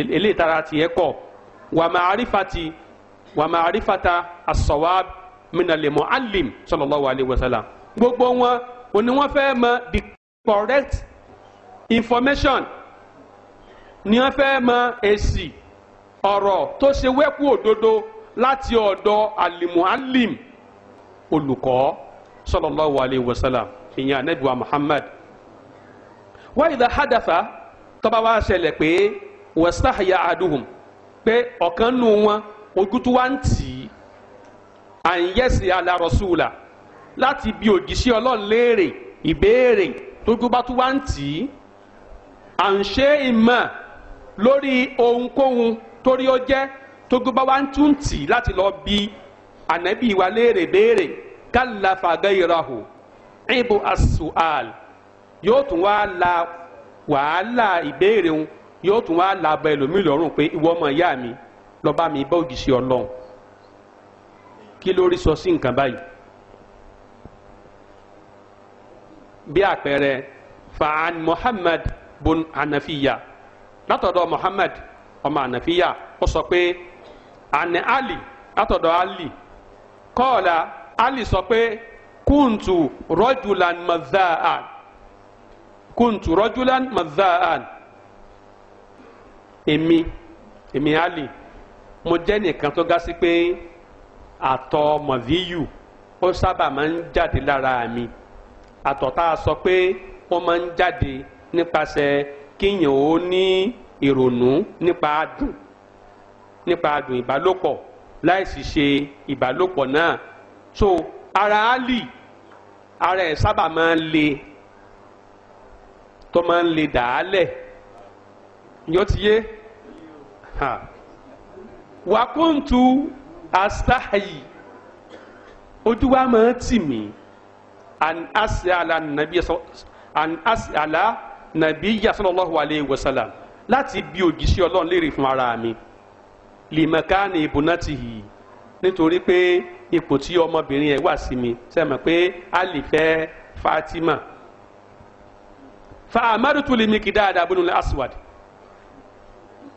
eléyìí tara tiẹ̀ kọ̀ wà ma'arifati wà ma'arifata as-sawab minal mu'allim sallallahu alayhi wa sallam gbogbo wọn òní wọ́n fẹ́ mọ̀ the correct information ni wọ́n fẹ́ mọ̀ èsì ọ̀rọ̀ tó ṣe wẹ́kú òdodo láti ọ̀dọ̀ alimualim olùkọ́ sallallahu alayhi wa sallam ìyẹn anabiwa muhammad wa idha hadafa tó wá ṣẹlẹ̀ pé wastahya ahaduhum pé ọ̀kan nù wọn ojú tó wá ń tì í à ń yẹ̀sì ala rasula láti bi òjíṣẹ́ ọlọ́run léèrè ìbéèrè tójú bá tó wá ń tì í à ń ṣe ìmọ̀ lórí ohunkóhun torí ó jẹ́ tójú bá wá ń tún tì í láti lọ bi ànábì wa léèrè béèrè kalla fagairahu ibu as yóò tún wá la wàhálà ìbéèrè wọn yóò tún wá làbọ̀ ẹlòmíì lọ́rùn pé ìwọ ọmọ ìyá mi lọ bá mi bá òjìṣẹ́ ọlọ́run kí ló rí sọ sí nǹkan báyìí bí àpẹẹrẹ fa'an muhammad bun anafiya látọ̀dọ̀ muhammad ọmọ anafiya ó sọ pé àní ali látọ̀dọ̀ ali kọ́ọ̀la ali sọ pé kúntù rọ́júlan mazaan kúntù rọ́júlan mazaan èmi èmi ali mo jẹ́ nìkan tó ga sí pé àtọ̀ mọ̀víyù ó sábà máa ń jáde lára mi àtọ̀ tá a sọ pé wọ́n máa ń jáde nípasẹ̀ kíyàn ó ní ìrònú nípa adùn nípa adùn ìbálòpọ̀ láìsí ṣe ìbálòpọ̀ náà so ara ali ara ẹ̀ sábà máa ń le tó máa ń le dàálẹ̀ yóò ti yé wàkúntù astahayi ojú wa máa tì mí an asiala nàbí an asiala nàbí sallallahu alayhi wa sallam láti bí òjíṣẹ́ ọlọ́run léèrè fún ara mi lìmọ̀kánì ìbùnátìhì nítorí pé ipò tí ọmọbìnrin ẹ̀ wà sí mi sẹ́mi pé a lè fẹ́ Fatima fa amadu tu lè mi kí dáadáa bínú aswad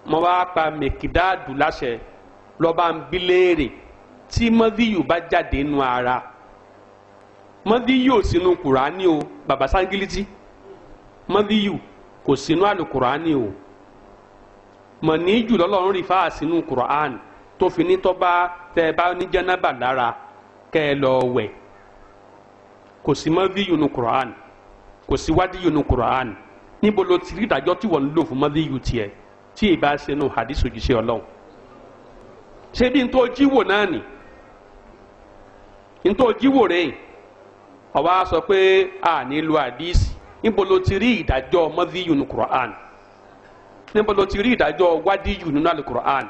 mo wá pa mẹkìdáàdù láṣẹ lọba ń bí léèrè tí mọdíyù bá jáde nínú ara mọdíyù ò sínú kùránì o bàbá sangilítì mọdíyù kò sínú àlùkùránì o mọ̀níjù lọ́lọ́run rí fáà sínú kùránì tó fi ní tọ́ba tẹ́ ẹ bá ní lára kẹ́ ẹ lọ wẹ̀ kò sí mọdíyù nínú kùránì kò sí wádìyù nínú kùránì níbo ló ti rí ìdájọ́ tí wọ́n ń lò fún mọdíyù tiẹ̀. tí ìbá se ṣe nù hadith ọlọ́run ṣé bí n tó jíwò náà nì tó jíwò rẹ̀ ọba sọ pé a nílò hadith níbo ló ti rí ní Qur'an níbo ló ti rí ìdájọ́ wádìyù nínú alukur'an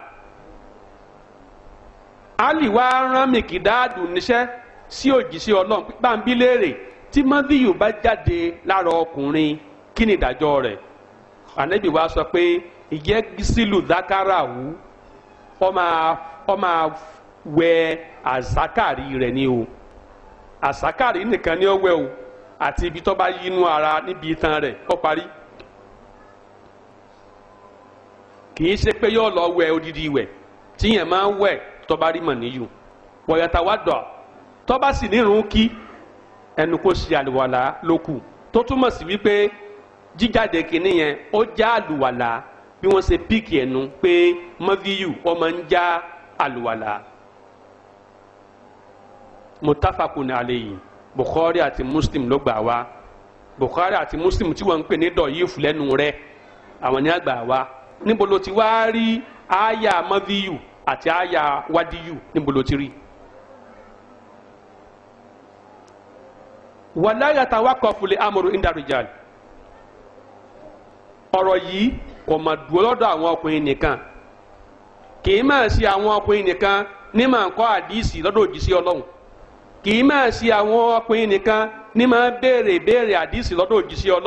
ali wa rán mìkìdáàdù níṣẹ́ sí òjíṣẹ́ ọlọ́run pípa ń bí léèrè tí bá jáde lára ọkùnrin ìdájọ́ rẹ̀ ìjẹ́ sílù dákàràwù ọ máa ọ máa wẹ àzákàrí rẹ̀ ni o àzákàrí nìkan ni ó wẹ o àti ibi tó bá yínú ara níbi itan rẹ̀ ó parí kì í ṣe pé yóò lọ wẹ odidi wẹ tíyẹn máa ń wẹ tó bá rí mọ̀ níyù wọ̀yàtà wá dọ̀ tó bá sì nírun kí ẹnu kó ṣe àlùwàlà lókù tó túmọ̀ sí wípé jíjáde kìnìyẹn ó já àlùwàlà bí wọ́n ṣe píìkì ẹnu pé mọ́fíyù ọmọ ń já àlùwàlà mutafakun alayhi bukhari àti muslim ló gbà wá bukhari àti muslim tí wọ́n ń pè ní dọ̀yìfù lẹ́nu rẹ̀ àwọn ni àgbà wá níbo ló ti wá rí àyà mọ́fíyù àti àyà wádìyù níbo ló ti rí. wàláyàtà wákọ̀ọ́fù lè amòrò ìdàrújà ọ̀rọ̀ yìí kò mà dúró lọ́dọ̀ àwọn ọkùnrin nìkan kìí máa àwọn ọkùnrin nìkan ní màá kọ́ àdìsí lọ́dọ̀ òjíṣẹ́ ọlọ́run kì máa àwọn ọkùnrin nìkan ní màá béèrè béèrè àdìsí lọ́dọ̀ òjíṣẹ́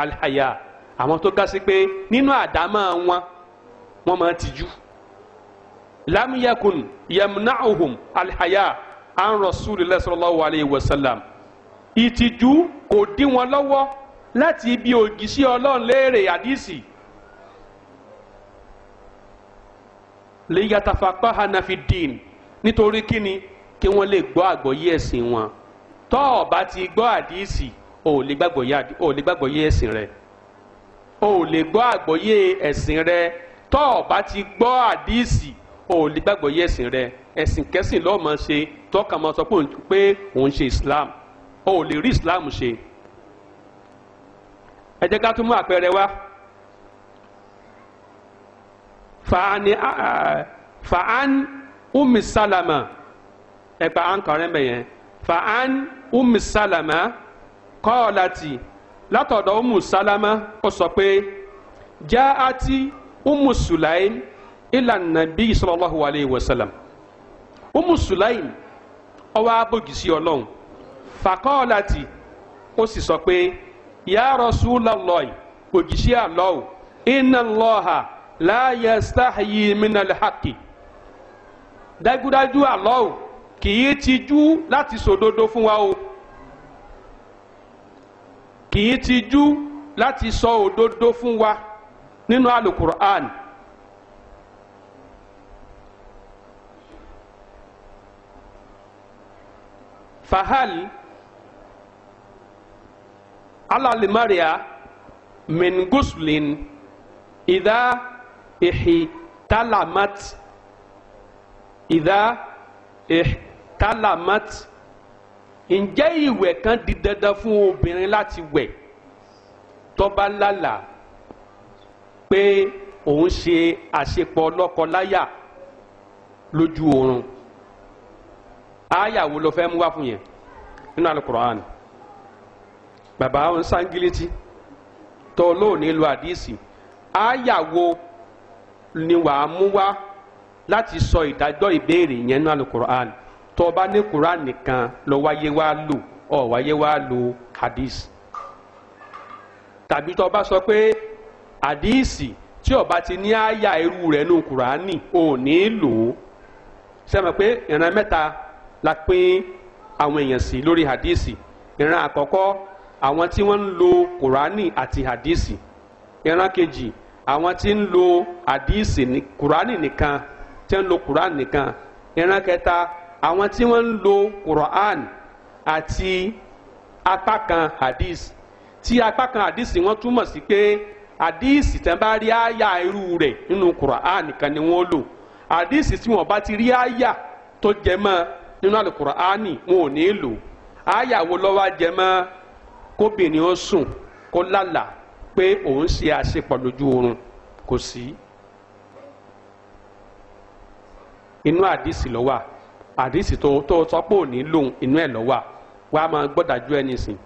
alhaya àwọn tó pé nínú wọn máa tijú an rasulillah sallallahu alayhi wa sallam ìtìjú kò dí wọn lọ́wọ́ láti bí òjíṣẹ́ ọlọ́run léèrè àdìsí liyatafaqa hanafi din nítorí kíni kí wọ́n lè gbọ́ àgbọ́yé ẹ̀sìn wọn tọ́ ọ ti gbọ́ àdìsí o ò lè gbàgbọ́yé ẹ̀sìn rẹ o ò lè gbọ́ àgbọ́yé ẹ̀sìn rẹ tọ́ ọ ti gbọ́ àdìsí o ò lè gbàgbọ́yé ẹ̀sìn rẹ ẹ̀sìn kẹ́sìn lọ́ọ́ máa ṣe tọ́ka máa sọ pé òun ṣe Islam ó lè rí Islam ṣe ẹ jẹ́ ká tún mú àpẹẹrẹ wá fàánì fàán umi salama ẹgbà ànkàrẹ́ mẹ́ yẹn fàán umi salama kọ́ọ̀láti látọ̀dọ̀ umu salama ó sọ pé já àti umu sulaim ìlànà bíi sallallahu alayhi wa sallam umu sulaim ọwọ́ abòjì sí ọlọ́run fàkọ́ọ̀láti ó sì sọ pé ya Rasulullahi òjìṣẹ́ àlọ́ọ̀ inna Allaha la yastahyi minal haqqi dájúdájú àlọ́ọ̀ kì í tijú láti sòdodo fún wa o kì í tijú láti sọ òdodo fún wa nínú alukur'an. No fahal ala maria min guslin idha ihtalamat idha ihtalamat ǹjẹ́ ìwẹ̀ kan di dandan fún obìnrin láti wẹ̀ tó bá lálà pé òun ṣe àṣepọ̀ lọ́kọláya lójú oorun aya wo ló fẹ́ mú wá fún yẹn nínú alukur'an bàbá ń sangiliti tó lóòní lu àdísì aya wo ni wàá mú wá láti sọ ìdájọ́ ìbéèrè yẹn nínú alukur'an tó bá ní kur'an nìkan lọ wáyé wá lò ọ wáyé wá lò hadith tàbí tó bá pé àdísì tí ó bá ti ní aya irú rẹ̀ nínú kur'an ni ò ní lò ó sẹ́mi pé ìran mẹ́ta la pín àwọn èèyàn sí lórí hadisi ìran àkọ́kọ́ àwọn tí wọ́n ń lo kùránì àti hadisi ìran kejì àwọn tí ń lo hadisi ní kùránì nìkan tí ń lo kùránì nìkan ìran kẹta àwọn tí wọ́n ń lo kùránì àti apá kan hadisi tí apá kan hadisi wọ́n túmọ̀ sí pé hadisi tẹ́ bá rí àyà irú rẹ̀ nínú kùránì nìkan ni wọ́n lò hadisi tí wọ́n bá ti rí àyà tó jẹ mọ́ ọ nínú alukur'ani wọn ò ní lò àyàwó lọ́wọ́ ajẹmọ́ kóbìnrin ó sùn kó lálà pé òun ṣe àṣepọ̀ lójú oorun kò sí. inú àdìsí lọ́wọ́ àdìsí tó tó sọ pé òní lòun inú ẹ̀ lọ́wọ́ wa máa gbọ́dájú ẹni sìn.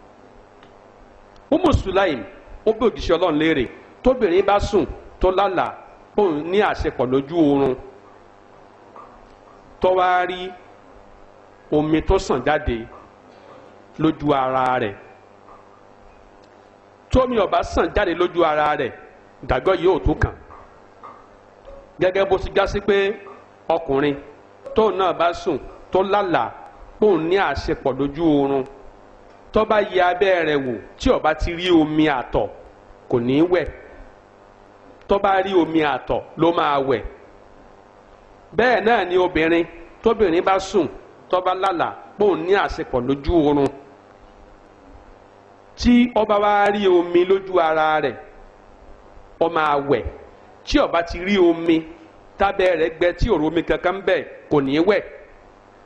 Umu Sulaim ó bí òjíṣẹ́ Ọlọ́run léèrè tóbìnrin bá sùn tó lálà òun ní àṣepọ̀ lójú oorun tó omi tó sàn jáde lójú ara rẹ̀ tómi ò bá sàn jáde lójú ara rẹ̀ ìdájọ́ yìí ò tún kàn gẹ́gẹ́ bó ti já sí pé ọkùnrin tóun náà bá sùn tó lálàá póun ní àṣepọ̀ lójú oorun tó bá yẹ abẹ́ rẹ̀ wò tí ó bá ti rí omi àtọ̀ kò ní í wẹ̀ tó bá rí omi àtọ̀ ló máa wẹ̀ bẹ́ẹ̀ náà ni obìnrin tóbìnrin bá sùn tọ́ba lálà pò ní àṣepọ̀ lójú oorun tí ọba wa rí omi lójú ara rẹ̀ ó máa wẹ̀ tí ó bá ti rí omi tábẹ́ rẹ̀ gbẹ tí òru omi kankan bẹ̀ kò ní wẹ̀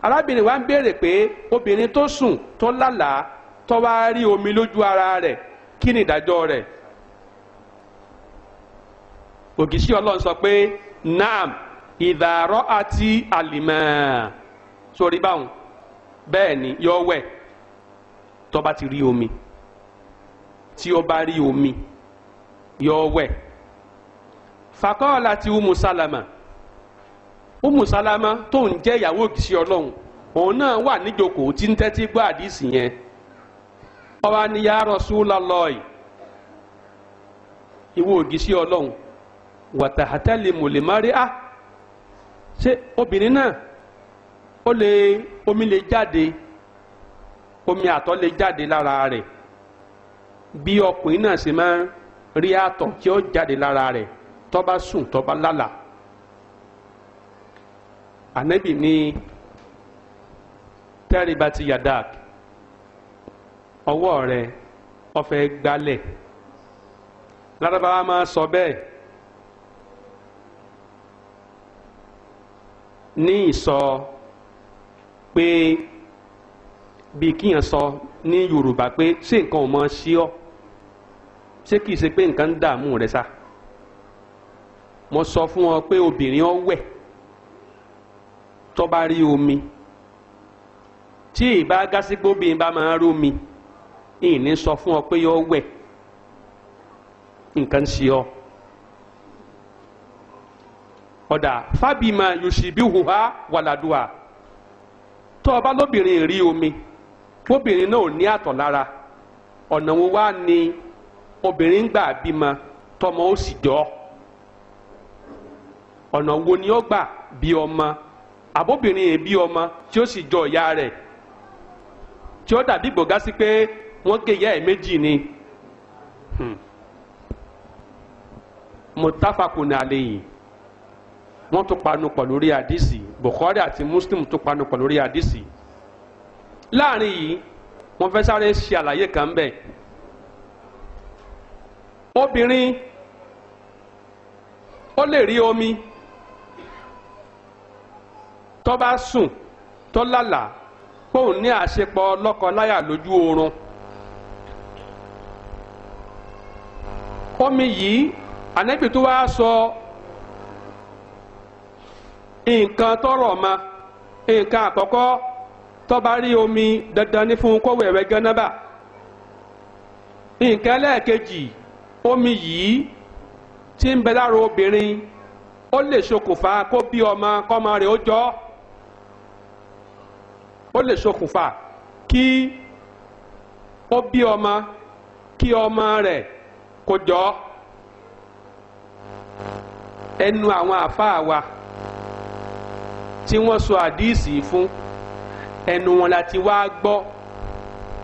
arábìnrin wa ń béèrè pé obìnrin tó sùn tó lálàá tó wá rí omi lójú ara rẹ̀ kí ni ìdájọ́ rẹ̀ ògìsí ọlọ́run sọ pé naam ìdàrọ́ àti àlìmọ́. sórí báwọn bẹ́ẹ̀ ni yọ wẹ̀ tó bá ti rí omi tí ó bá rí omi yọ wẹ̀ fàkọ́ọ̀lá ti umu salama umu salama tó ń jẹ́ ìyàwó ògìsí ọlọ́run òun náà wà níjókòó tí ń tẹ́tí gbọ́ àdìsí yẹn ọba ni ya Rasulullahi ìwọ ògìsí ọlọ́run wàtàhátẹ́lì mùlẹ́márì á ṣé obìnrin náà ó lè omi lè jáde omi àtọ̀ lè jáde lára rẹ̀ bí ọkùnrin náà ṣe máa rí àtọ̀ tí ó jáde lára rẹ̀ tó bá sùn tó bá lálàá ni ní tẹ́rìbá ti yadak ọwọ́ rẹ̀ ó fẹ́ gbálẹ̀ máa sọ bẹ́ẹ̀ ní ìsọ. So pé bí kíyàn sọ ní yorùbá pé ṣé nǹkan ò mọ sí ọ ṣé kìí ṣe pé nǹkan ń dààmú rẹ sá mo sọ fún ọ pé obìnrin ọ wẹ̀ tó bá rí omi tí ìbá gásígbó obìnrin bá máa rí omi ìní sọ fún ọ pé yọ wẹ̀ nǹkan ń ṣe ọ ọ̀dà fábìmọ̀ yòṣìbí hùwà wàlàdùà. tó ọba bá lóbìnrin rí omi bóbìnrin náà ò ní àtọ̀ lára ọ̀nà wo wá ni obìnrin ń gbà bímọ tọmọ ó sì jọ ọ̀nà wo ni ó gbà bí ọmọ àbóbìnrin yìí bí ọmọ tí ó sì jọ ìyá rẹ̀ tí ó dàbí pe sí pé wọ́n gé ìyá ni hmm. wọ́n tún panupọ̀ lórí àdìsí Bukhari àti Muslim tún panupọ̀ lórí àdìsí láàrin yìí wọ́n fẹ́ sáré ṣe àlàyé kan bẹ́ẹ̀ obìnrin ó lè rí omi tó bá sùn tó lálàá póun ní àṣepọ̀ lọ́kọ-láyà lójú oorun omi yìí ànẹ́bì tó wá sọ. So, nǹkan tọrọ ma nǹkan àkọ́kọ́ tọ́ba rí omi dandan ní fún kọ́wé ẹ̀wẹ́ gánábà nǹkan omi yìí tí ń bẹ lára obìnrin ó lè ṣokùnfà kó bí ọmọ kọ́mọ rẹ̀ ó jọ́ ó lè ṣokùnfà kí ó bí ọmọ kí ọmọ rẹ̀ kó jọ́ ẹnu àwọn àfáà wa. tí wọ́n sọ àdíìsì fún ẹnu wọn láti wá gbọ́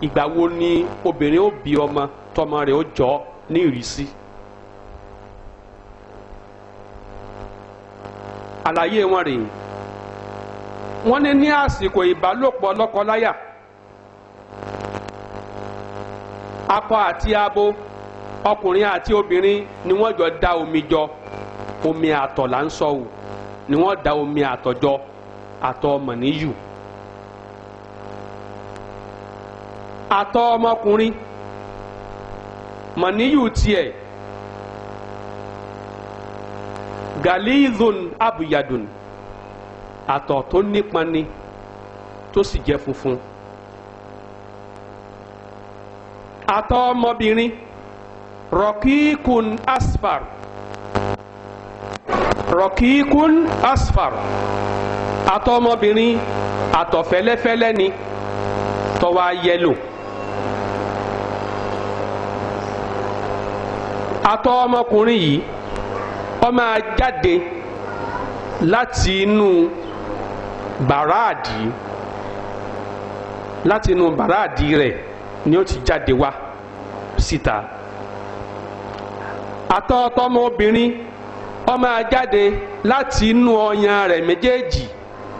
ìgbà wo ni obìnrin ó bí ọmọ tọmọ rẹ̀ ó jọ ní ìrísí. àlàyé wọn rèé wọ́n ní ní àsìkò ìbálòpọ̀ lọ́kọláya akọ àti abo ọkùnrin àti obìnrin ni wọ́n jọ da omi jọ omi àtọ̀ là ń sọ o ni wọ́n da omi àtọ̀jọ àtọ̀ mọ̀níyù àtọ̀ ọmọkùnrin mọ̀níyù tiẹ̀ galizun abuyadun àtọ̀ tó nípa ni tó sì jẹ́ funfun àtọ̀ ọmọbìnrin rọ̀kíkun aspar rọ̀kìkún asfar àtọmọbìnrin àtọ̀fẹ́lẹ́fẹ́lẹ́ ni tọ́wá yẹlò àtọ̀ ọmọkùnrin yìí ó máa jáde láti inú bàràdì láti inú bàràdì rẹ̀ ni ó ti jáde wá síta àtọ̀ ọtọ́mọbìnrin ó máa jáde láti inú ọyàn rẹ̀ méjèèjì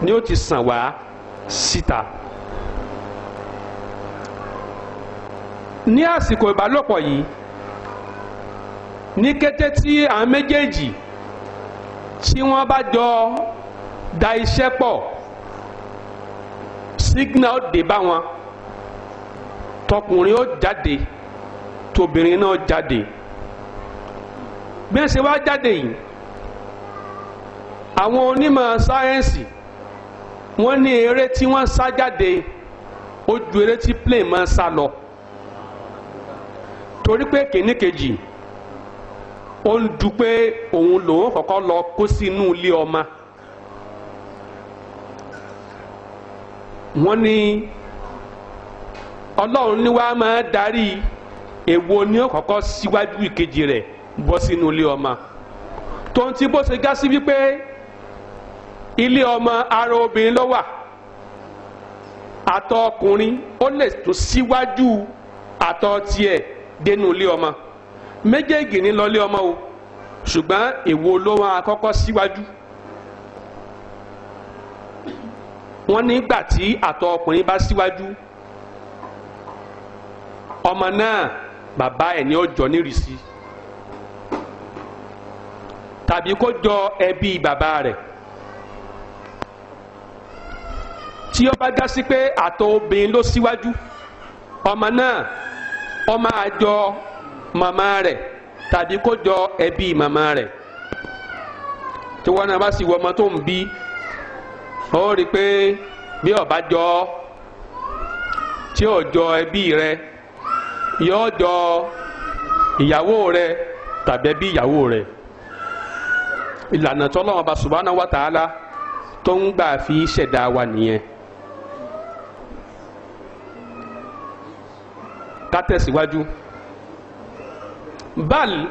ni ó ti sàn wá síta. ní àsìkò ìbálòpọ̀ yìí ní kété tí àwọn méjèèjì tí wọ́n bá jọ da iṣẹ́ pọ̀ signal dé bá wọn tọkùnrin ó jáde tóbìnrin náà jáde bí wọ́n ṣe wá jáde yìí àwọn onímọ̀ sáyẹ́ǹsì wọ́n ní eré tí wọ́n sá jáde ó ju eré tí plane máa sá lọ torí pé kìíní kejì ó ń du òun lòun kọ́kọ́ lọ kó sínú ilé ọmọ wọ́n ní ọlọ́run ni wàá máa darí èwo ni ó kọ́kọ́ síwájú ìkejì rẹ̀ bọ́ sínú ilé ọmọ tó ń ti bó ṣe já sí wípé ilé ọmọ ara obìnrin ló wà àtọ̀ ọkùnrin ó lè tó síwájú àtọ̀ tiẹ̀ dénú ilé ọmọ méjèèjì ní lọ ilé ọmọ o ṣùgbọ́n èwo ló wọn akọ́kọ́ síwájú wọ́n nígbà tí àtọ̀ ọkùnrin bá síwájú ọmọ náà bàbá ẹ̀ ní ọjọ́ nírìsí tàbí kó jọ ẹbí bàbá rẹ̀. tí ó bá já sí pé àtọ̀ obìnrin ló síwájú ọmọ náà ó máa jọ màmá rẹ̀ tàbí kó jọ ẹbí màmá rẹ̀ tí wọ́n náà bá sì wọ ọmọ tó ń bí ó rí i pé bí ó bá jọ tí ó jọ ẹbí rẹ̀ yóò jọ ìyàwó rẹ̀ tàbí ẹbí ìyàwó rẹ̀ ìlànà tí Ọlọ́run Ọba subhanahu wa ta'ala tó ń gbà fi ṣẹ̀dá wa nìyẹn. ká tẹ̀síwájú. bal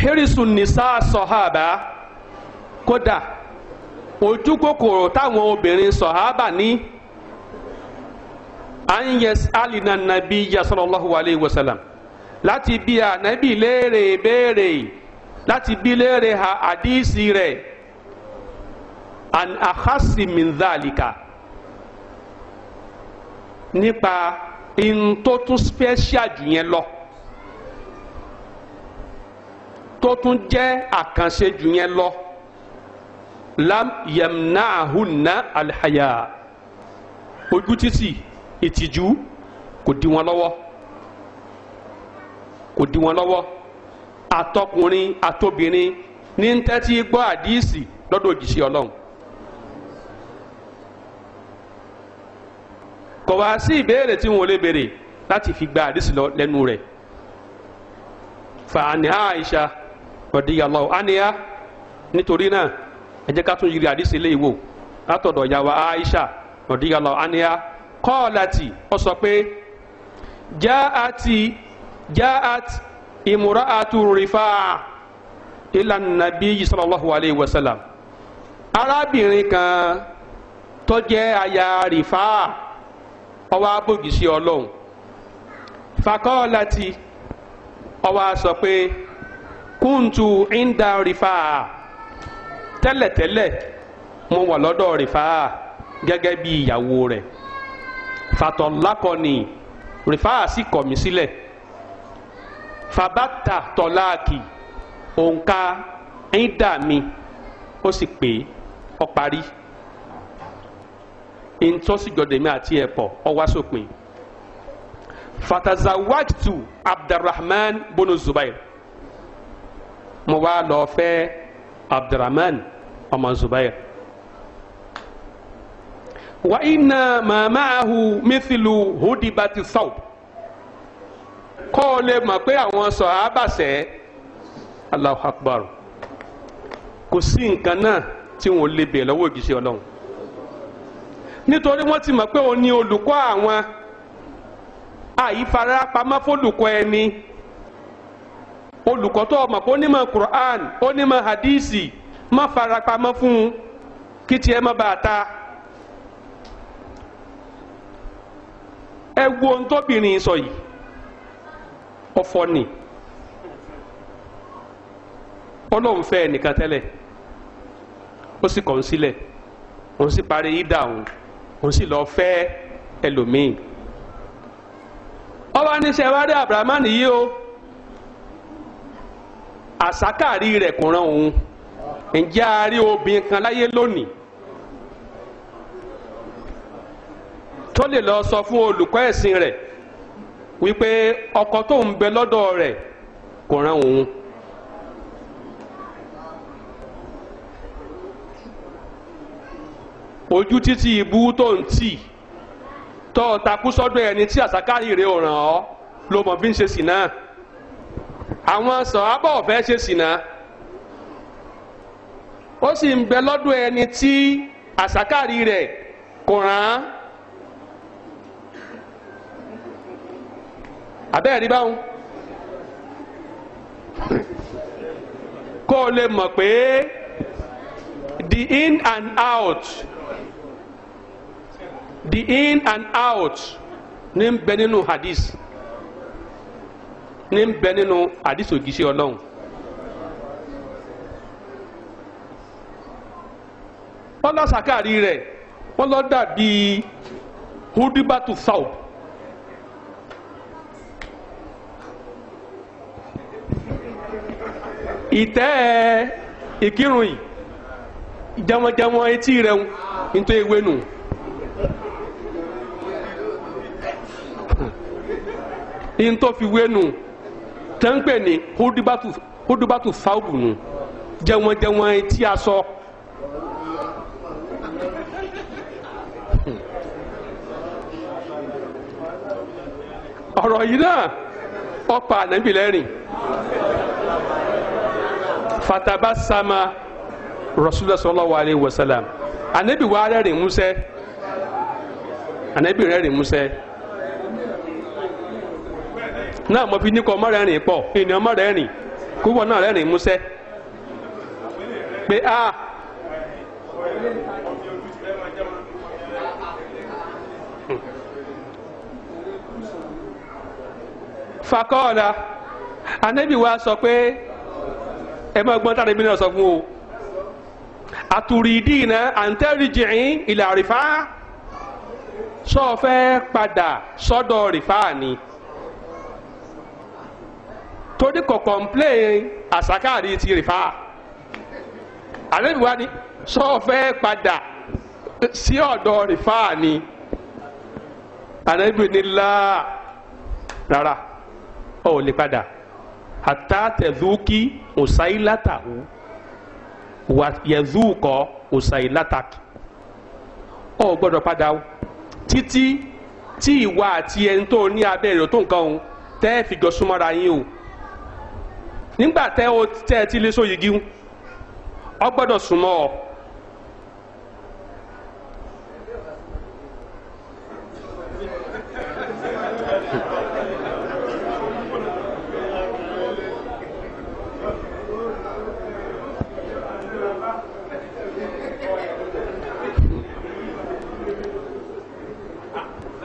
hirisu nisa sọ̀hábà kódà ojú kòkòrò táwọn obìnrin sọ̀hábà ní anyes alina nabi yasalallahu alayhi wa sallam láti bi anabi léèrè béèrè láti bi léèrè ha hadisi rẹ̀ an akhasi dhalika nípa n tó tún special jù yẹn lọ tó tún jẹ́ àkànṣe jù yẹn lọ lam yamna'ahunna alhaya ojú títì ìtìjú kò di wọn lọ́wọ́ kò di wọn lọ́wọ́ àtọkùnrin àtobìnrin ní ń tẹ́tí gbọ́ àdíìsì lọ́dọ̀ òjìṣẹ́ ọlọ́run kò wá sí ìbéèrè tí wọn ò lè béèrè láti fi gba àdìsí lọ lẹ́nu rẹ̀ fàánì àìsà radiyallahu anha nítorí náà ẹ jẹ́ ká tún yiri àdìsí ilé ìwò látọ̀dọ̀ yàwá àìsà radiyallahu anha kọ́ọ̀láti ó sọ pé jáàtì jáàtì ìmúraàtù rìfáà ìlà nàbí sallallahu alayhi wa sallam arábìnrin kan tó jẹ́ aya rìfáà ọwọ́ abòjì sí ọlọ́run fakọ́ọ̀lá ti ọwọ́ sọ pé kúntù ìndà rìfà tẹ́lẹ̀tẹ́lẹ̀ mo wà lọ́dọ̀ rìfà gẹ́gẹ́ bí ìyàwó rẹ̀ fatọ̀lákọ̀ni rìfà sì kọ̀ mí sílẹ̀ fabata tọ́láàkì òǹkà ìndà mi ó sì pé ó parí ntọ́síjọ́dẹ̀mí àti ẹ̀pọ̀ ọwá sópin fatazawajtu abdulrahman bono zubair mo wá lọ fẹ́ abdulrahman ọmọ zubair wa inna mamaahu mithilu hudibati thawb kọ́ ọ lè mọ̀ pé àwọn sọ̀hábàṣẹ́ Allahu akbar kò sí nǹkan náà tí wọ́n lè bèè lọ́wọ́ òjíṣẹ́ ọlọ́run nítorí wọ́n ti mọ̀ pé òun ni olùkọ́ àwọn àyífarapamọ́ fólùkọ́ ẹni olùkọ́ tó ọmọ kó onímọ̀ Qur'an onímọ̀ hadisi má farapamọ́ fún kí ma má bàa ta. ẹ wo tóbìnrin sọ yìí ọ̀fọ̀ ni ọlọ́run fẹ́ ẹnìkan tẹ́lẹ̀ ó sì kọ̀ ń sílẹ̀ òun sì parí òun sì lọ fẹ ẹlòmíì ọba ní sẹ wá yìí o àsákàrí re kò ran òun ǹjẹ́ a rí obìnrin kan láyé lónìí tó lè lọ sọ fún olùkọ́ ẹ̀sìn rẹ̀ wípé ọkọ tó ń bẹ lọ́dọ̀ rẹ̀ kò ran òun. ojú títí ibú tó ń tì tó ń takú sọ́dọ̀ ẹni tí àsákárì rẹ̀ ò ràn ọ́ ló mọ̀ fi ń ṣe sìnà àwọn sọ̀hábà ọ̀fẹ́ ṣe sìnà ó sì ń bẹ lọ́dọ̀ ẹni tí àsákárì rẹ̀ kò ràn án. àbẹ́ẹ̀ rí báwọn kó o lè mọ̀ pé the in and out the in and out ní ń bẹ nínú hadith ní ń bẹ nínú hadith ògìṣẹ́ ọlọ́run. wọ́n lọ́sàkárì rẹ̀ wọ́n lọ́ dàbí hudibatu saub. ìtẹ́ ìkírun yìí jamajama etí rẹ̀ ń tó ewé nù. yín tó fi wé nu tẹ́ ń pè ní hudubatu hudubatu sáwùbù nu jẹ̀wọ̀njẹ̀wọ̀n etí aṣọ. ọ̀rọ̀ yìí náà ọ̀pá ànábì lẹ́rìn fataba sama rasulillah sallallahu alayhi wa sallam ànábì wa rẹ́rìn músẹ́ ànábì rẹ́rìn músẹ́ náà mo fi ní kọ ọmọ rẹ rìn pọ̀ ènìyàn ọmọ rẹ rìn kúwọ náà rẹ rìn músẹ́ pé a. fakọ́ọ̀dà anabi wa sọ pé ẹ máa gbọ́n tára ibi náà sọ fún o àtùrídìínà àǹtẹ̀rìjìrín ìlà rìfá sọ fẹ́ padà sọ́dọ̀ rìfá ni. So torí kò complain àsákàrí ti rìfà àlejò wa ni sọ fẹ́ padà sí ọ̀dọ̀ rìfà ni àlejò ni láà rárá ọ̀ ò lè padà àtàtẹ̀dúkì ọ̀sáìlátàwù yẹ̀dúkọ ọ̀sáìlátàkì ọ̀ gbọ́dọ̀ padà o títí tí ìwà àti ẹni tó ní abẹ́rẹ́ tó nǹkan o tẹ́ fi jọ súnmọ́ra yín o nígbà tẹ́ o tẹ́ ti lè so yìgì ń ọ gbọ́dọ̀ súnmọ́ ọ.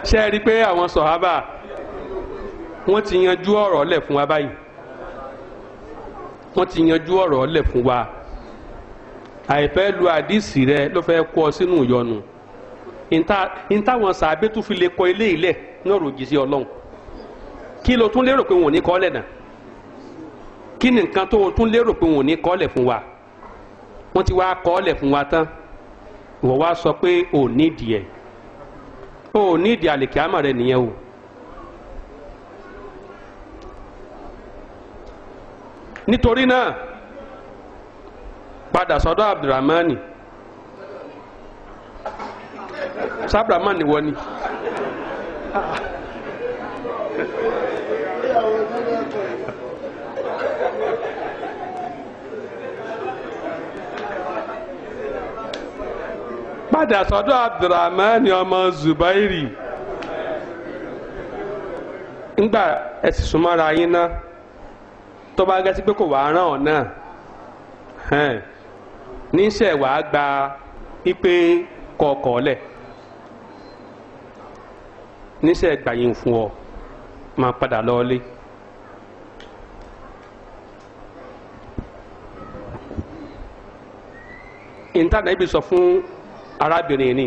ṣe rí i pé àwọn sọ̀hábà wọ́n ti yanjú ọ̀rọ̀ lẹ̀ fún wa báyìí wọ́n ti yanjú ọ̀rọ̀ lẹ̀ fún wa àìfẹ́ lu àdìsí rẹ ló fẹ́ kọ́ sínú ìyọnu ìtàwọn sàbẹ́ tún fi lè kọ ilé ilẹ̀ náà ròjì sí ọlọ́run kí ló tún lérò pé wọn ò ní kọ́ lẹ̀ náà kí nìkan nǹkan tó tún lérò pé wọn ò ní kọ́ lẹ̀ fún wa wọ́n ti wá kọ́ lẹ̀ fún wa tán ìwọ wá sọ pé ò nídìí ẹ̀ ò nídìí àlèkè àmọ̀ rẹ nìyẹn o. nítorí náà padà sọ́dọ̀ abdulrahmani sábrahmani wọ ni padà sọ́dọ̀ abdulrahmani ọmọ zubairi ngbà ẹ sì súnmọ́ra yín náà. tó bá gẹ́sí pé kò wá rán ọ̀ náà níṣẹ́ wàá gba pípé kọ̀ọ̀kọ̀ lẹ̀ níṣẹ́ gbàyìn fún ọ máa padà lọ́ọ́lé. ìntànà ibi sọ fún arábìnrin ni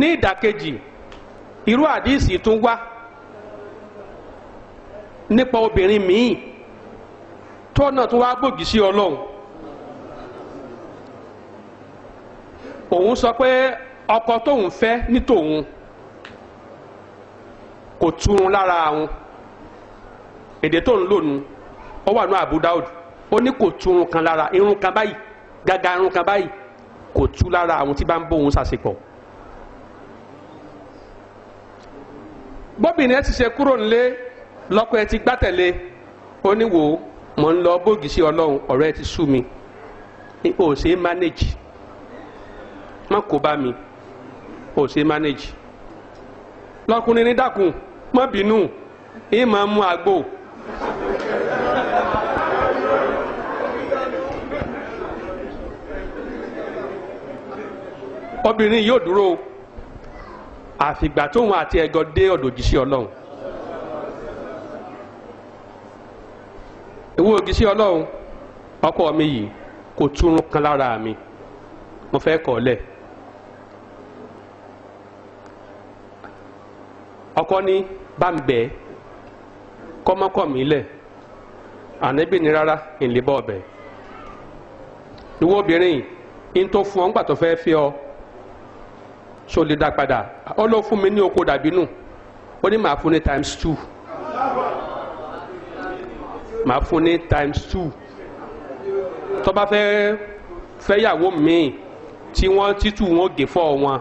ní ìdàkejì irú àdìsí tún wá nípa obìnrin míì tọ́nà tó wá gbòógì sí ọlọ́run òun sọ pé ọkọ tóun fẹ́ ní tòun kò túrun lára àwọn èdè tó ń lò nu ó wà ní Abu Daud ó ní kò túrun kan lára irun kan báyìí gàgà irun kan báyìí kò tú lára àwọn tí bá ń bóun ṣàṣepọ̀. bóbìnrin ẹ ti ṣe kúrò nílé lọ́kọ ẹ ti gbátẹ̀lé oníwòó mo ń lọ bóògì sí ọlọ́run ọ̀rọ̀ ẹ ti sú mi ní o ṣe é manage má kó bá mi o ṣe é manage lọkùnrin ní dákun má bínú ẹ máa mú àgbo. obìnrin yóò dúró àfìgbà tóun àti ẹ̀gọ́ dé ọ̀dọ̀ òjíṣẹ́ ọlọ́run Iwu ogisi ọlọ́run ọkọ mi yìí kò túrun kan lára mi mo fẹ́ ọkọ ní bá kọ́mọ́kọ́ mi lẹ̀ ànábì ni rárá ìlébọ̀ obìnrin yìí ọ ńgbà tó fẹ́ fi ọ so le dá padà ó fún mi oko ó ní màá fún ní times two. màá fún ní times two tó bá fẹ́ fẹ́yàwó míì tí wọ́n títù wọn gé fọ́ wọn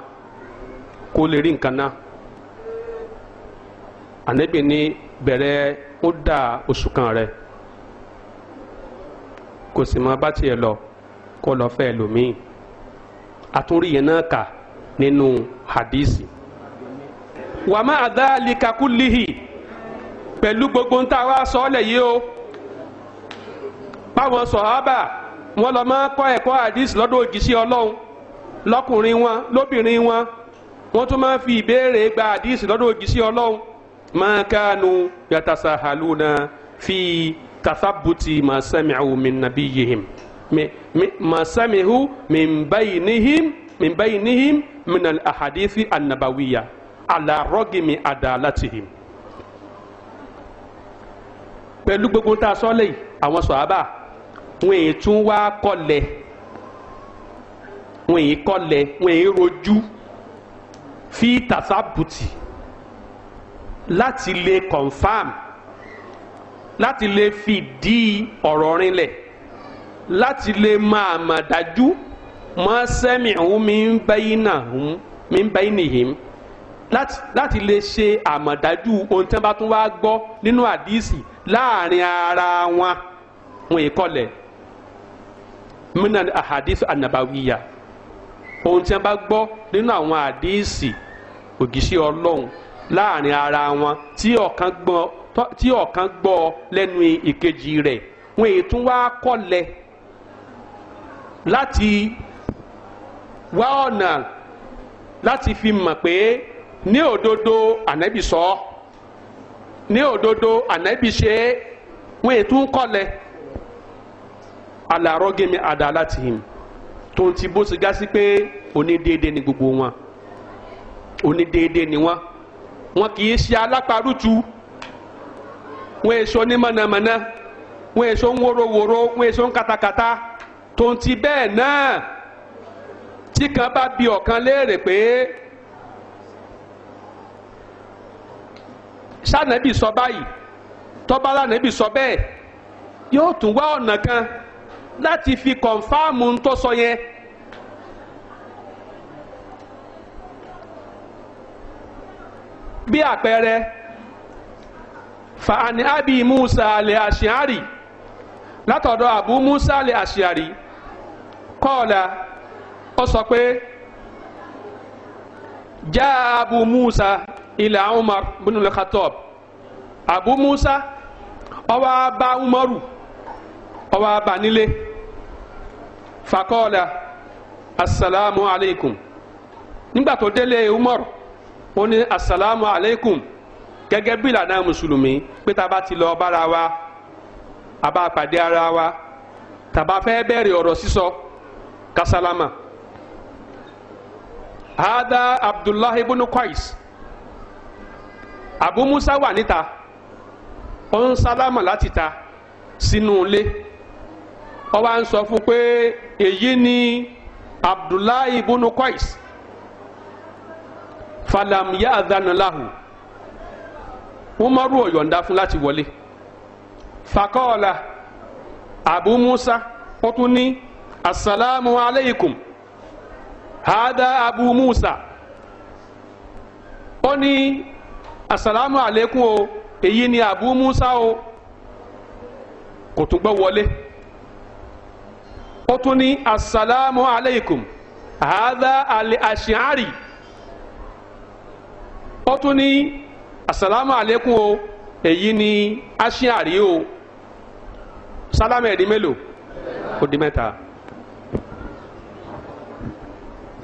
kó lè rí nǹkan náà ànẹ́bì ní bẹ̀rẹ̀ ó dà oṣù kan rẹ̀ kò sì mọ bá tiẹ̀ lọ kó lọ fẹ́ lòmíì àtúrí yẹn náà kà nínú hadisi wàmà àdáàlì kakúlìhì pẹ̀lú gbogbo ń tá wá sọ yìí o táwọn sọ̀hábà wọn lọ máa kọ́ ẹ̀kọ́ àdìs lọ́dọ̀ òjíṣẹ́ ọlọ́run lọ́kùnrin wọn lóbìnrin wọn wọ́n tún máa fi ìbéèrè gba àdìs lọ́dọ̀ òjíṣẹ́ ọlọ́run máa káànù yàtàṣà hàlùnà fi tathabuti màsàmìhù min nabiyihim màsàmìhù min baynihim min baynihim min al-ahadithi an-nabawiyya pẹ̀lú gbogbo tá a sọ lẹ́yìn àwọn sọ̀hábà wọn èyí tún wá kọlẹ̀ wọn èyí kọlẹ̀ wọn èyí rojú fi tàṣàbùtì láti lè confam láti lè fìdí ọ̀rọ̀ rinlẹ̀ láti lè máa mà dájú mọ́ sẹ́mi ọ̀hún mi ń bẹ́yìn náà ọ̀hún mi ń bẹ́yìn nìyẹn láti lè ṣe àmọ̀dájú ohun tí wọ́n bá tún wá gbọ́ nínú àdìsí láàrin ara wọn wọn ìkọlẹ̀ minna ahadith anabawiya ohun tí wọn bá gbọ́ nínú àwọn àdéhìsì ògìṣẹ́ ọlọ́run láàrin ara wọn tí ọ̀kan gbọ́ lẹ́nu ìkejì rẹ̀ wọn èyí tún wá kọ́lẹ̀ láti wá ọ̀nà láti fi mọ̀ pé ní òdodo ànábì sọ ní òdodo ànábì ṣe wọn èyí tún kọ́lẹ̀ alárọ́gẹ́mi àdáláàtìhìn tó ti bó ti gá sí pé onídéédé ni gbogbo wọn onídéédé ni wọn wọn kì í ṣe alápárùtù wọn èso ní mọ̀nàmọ́ná wọn èso ń wóróworó wọn èso ń katakata tó ti bẹ́ẹ̀ náà tí kan bá bi ọ̀kan léèrè pé sànàbì sọ báyìí tọ́ba lànàbì sọ bẹ́ẹ̀ yóò tún wá ọ̀nà kan. láti fi kọ̀nfáàmù ń tó sọ yẹn. bí àpẹẹrẹ fàánì ábì musa alẹ́ àṣìárì látọ̀dọ̀ àbú musa alẹ́ àṣìárì kọ́ọ̀là ó sọ pé já abu musa ilẹ̀ umar bin al-khattab abu musa ó wá bá umaru. ọwọ́ ba nílé fakọ́ọ̀lá asalaamu aleykum nígbà tó délé umar ó ní asalaamu aleykum gẹ́gẹ́ bí ìlànà mùsùlùmí pé tá a bá ti lọ bára wa a bá pàdé ara wa tàbá fẹ́ bẹ̀rẹ̀ ọ̀rọ̀ sísọ kásálámà hada abdullahi ibn qais abu musa wà níta ó ń sálámà láti ta sínú ilé. Si wọ́n wá ń sọ fún pé èyí ni abdullahi ibùnú qais falam yaadhanalahu umaru ò yọ̀ǹda fún láti wọlé fakọ́ọ̀la abu musa ó tún ní asalaamu aleykum hada abu musa ó ní asalaamu aleykum o èyí ni abu musa o kò tún gbọ́ wọlé ó tún ní asalaamu aleykum hadha ali ashari ó tún ní asalaamu aleykum o èyí ni ashari o sálámù ẹ̀dín mélòó ó di mẹ́ta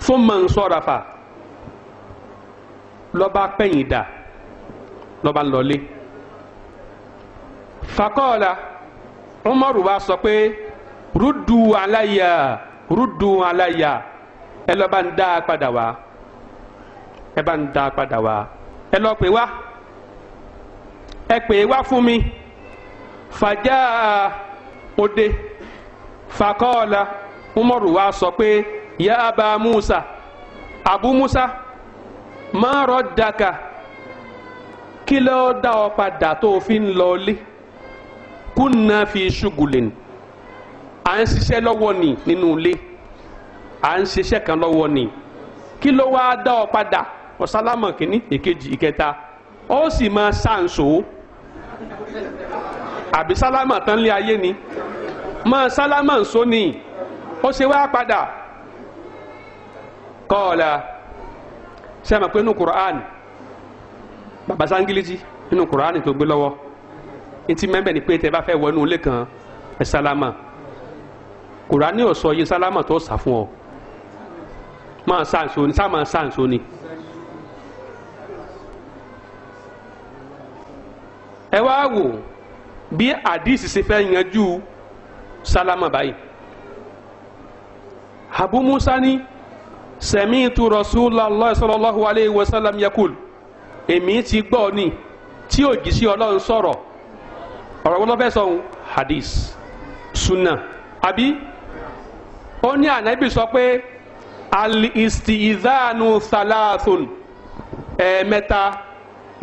fún mọ̀nsọ́rafa lọ́ba pẹ̀yìn dà lọ́ba ń fakọ́ọ̀la Umaru bá sọ pé rúdù aláyà rúdù aláyà ẹ lọ bá ń dá a padà wá ẹ bá ń dá a padà wá ẹ lọ pè wá ẹ pè wá fún mi fàjà òde fàkọọlà umaru wa sọ pé ya aba musa abu musa má rọ daka kí ló dá ọ padà tó o fi ń lọ lé kúnna fi ṣùgùlẹ̀ à ń ṣiṣẹ́ lọ́wọ́ ni nínú ilé à ń ṣiṣẹ́ kan lọ́wọ́ ni kí ló wáá dá ọ padà ọ̀sálámọ̀ kìíní èkejì ìkẹta ó sì máa ṣàǹṣó àbí sálámà tán lé ayé ni máa sálámà ń sọ ni ó ṣe wáá padà kọ́ọ̀lá ṣe àmọ̀ pé inú Kùránì bàbá sáńgílítì inú Kùránì tó gbé lọ́wọ́ ntí mẹ́mbẹ́ ni pé tẹ bá fẹ́ wọnú ilé kan ẹ̀ sálámà kùránì ò sọ iye sálámà tó sà fún ọ máa sàǹso ni sáà máa sàǹso ni. ẹ wá wò bí àdìsí ṣe fẹ́ yanjú sálámà báyìí Abu Musa ni sami'tu Rasulullah sallallahu alayhi wa sallam yakul èmi ti gbọ́ ni tí òjíṣẹ́ Ọlọ́run sọ̀rọ̀ ọ̀rọ̀ wọn lọ fẹ́ sọ hadith sunna àbí ó ní ànábì sọ pé al-isti'idhanu thalathun ẹ̀ẹ̀mẹ́ta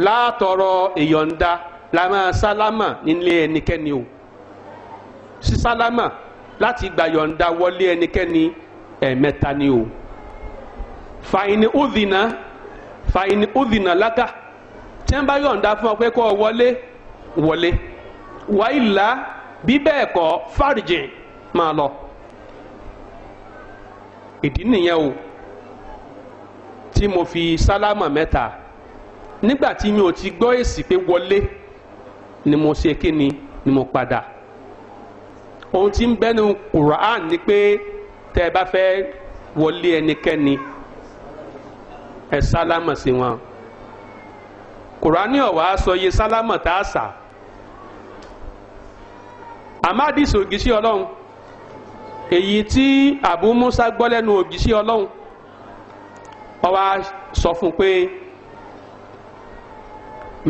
látọrọ ìyọ̀ǹda la sálámà nílé ẹnikẹ́ni o sí sálámà láti gba yọ̀ǹda wọlé ẹnikẹ́ni ẹ̀ẹ̀mẹ́ta ni o fàyìní udhina fàyìní udhina lága tí wọ́n bá yọ̀ǹda fún ọ pé kó wọlé wọlé wàyí là bí bẹ́ẹ̀ fàrìjìn máa lọ. ìdí nìyẹn o tí mo fi sálámà mẹ́ta nígbà tí mi ò ti gbọ́ èsì pé wọlé ni mo ṣe kíni ni mo padà ohun tí ń bẹ́nu Quran ni pé tẹ́ ẹ bá fẹ́ wọlé ẹnikẹ́ni ẹ sálámà sí wọn Kùránì ọ̀wá sọ iye sálámà tá a sà àmọ́ àdìsí ògì sí Ọlọ́run èyí tí Abu Musa gbọ́ lẹ́nu òjíṣẹ́ Ọlọ́run ó wá sọ fún pé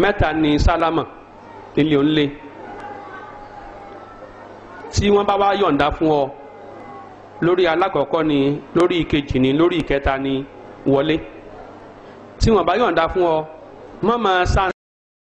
mẹ́ta ni sálámà nílé onílé tí wọ́n bá wá yọ̀ǹda fún ọ lórí alákọ̀ọ́kọ́ ni lórí ìkejì ni lórí ìkẹta ni wọlé tí wọ́n bá yọ̀ǹda fún ọ mọ́ máa sá